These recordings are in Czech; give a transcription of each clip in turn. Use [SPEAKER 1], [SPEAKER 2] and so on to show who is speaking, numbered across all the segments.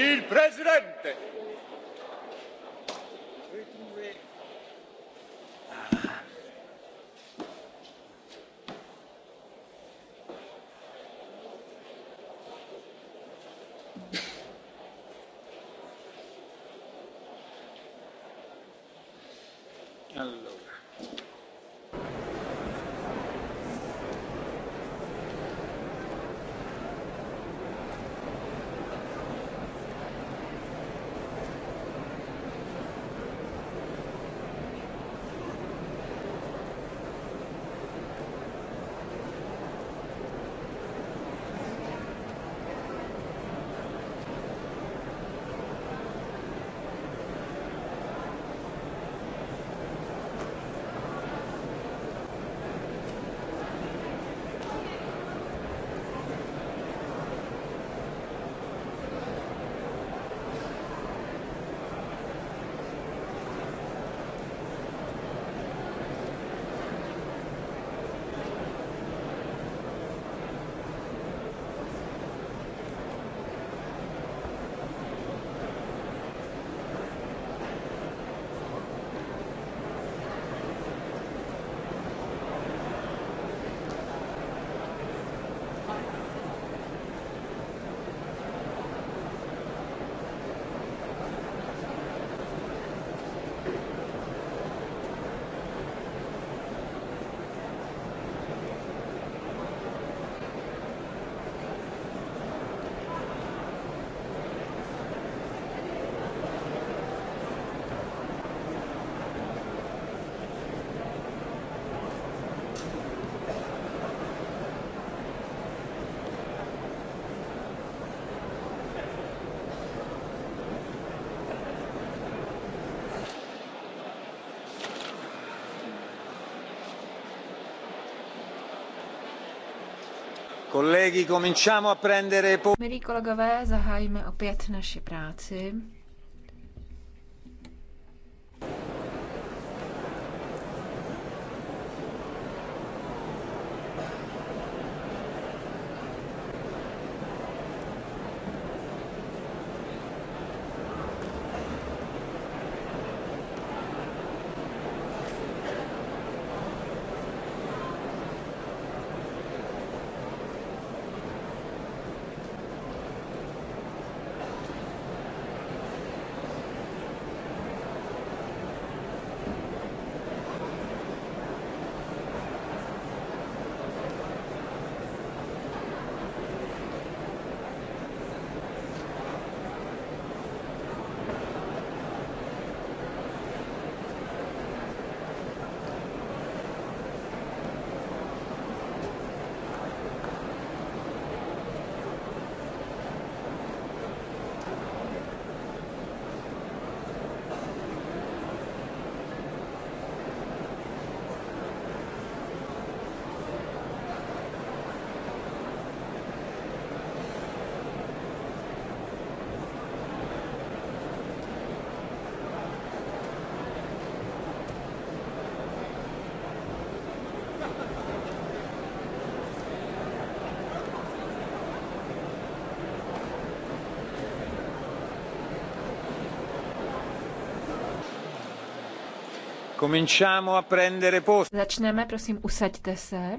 [SPEAKER 1] il presidente
[SPEAKER 2] Milí kolegové, zahájíme opět naši práci. a Začneme, prosím, usaďte se.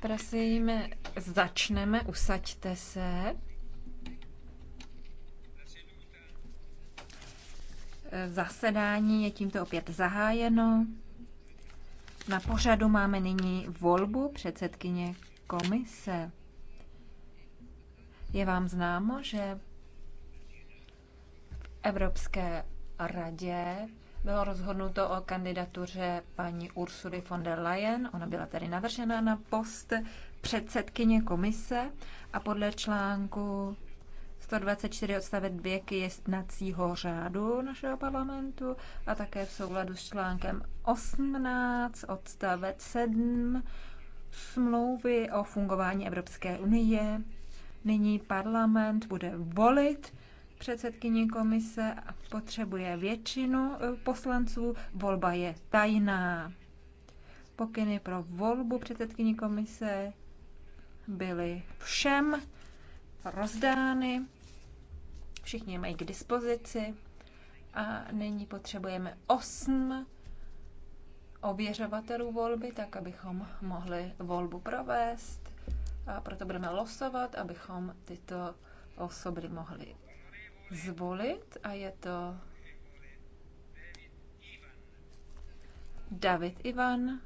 [SPEAKER 2] Prosím, začneme, usaďte se. Zasedání je tímto opět zahájeno. Na pořadu máme nyní volbu předsedkyně komise. Je vám známo, že v Evropské radě bylo rozhodnuto o kandidatuře paní Ursuly von der Leyen. Ona byla tedy navržena na post předsedkyně komise a podle článku 124 odstavec 2 k jednacího řádu našeho parlamentu a také v souladu s článkem 18 odstavec 7 smlouvy o fungování Evropské unie. Nyní parlament bude volit předsedkyně komise potřebuje většinu eh, poslanců, volba je tajná. Pokyny pro volbu předsedkyně komise byly všem rozdány, všichni je mají k dispozici a nyní potřebujeme osm ověřovatelů volby, tak abychom mohli volbu provést. A proto budeme losovat, abychom tyto osoby mohli zvolit a je to David Ivan.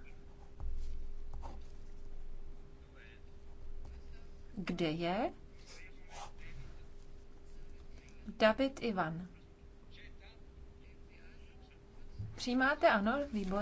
[SPEAKER 2] Kde je? David Ivan. Přijímáte ano, výbor.